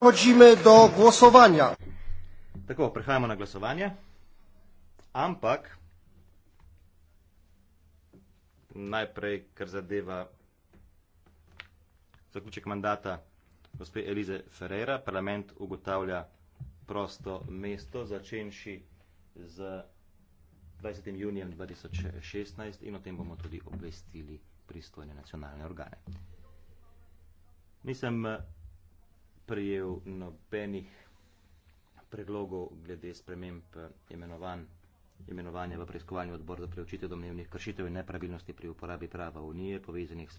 Prehajamo do glasovanja. Tako, prehajamo na glasovanje. Ampak najprej, kar zadeva zaključek mandata gospe Elize Ferreira, parlament ugotavlja prosto mesto, začenši z 20. junijem 2016 in o tem bomo tudi obvestili pristojne nacionalne organe. Mislim, prijel nobenih predlogov glede sprememb eh, imenovan, imenovanja v preiskovanju odbor za preučitev domnevnih kršitev in nepravilnosti pri uporabi prava Unije povezanih s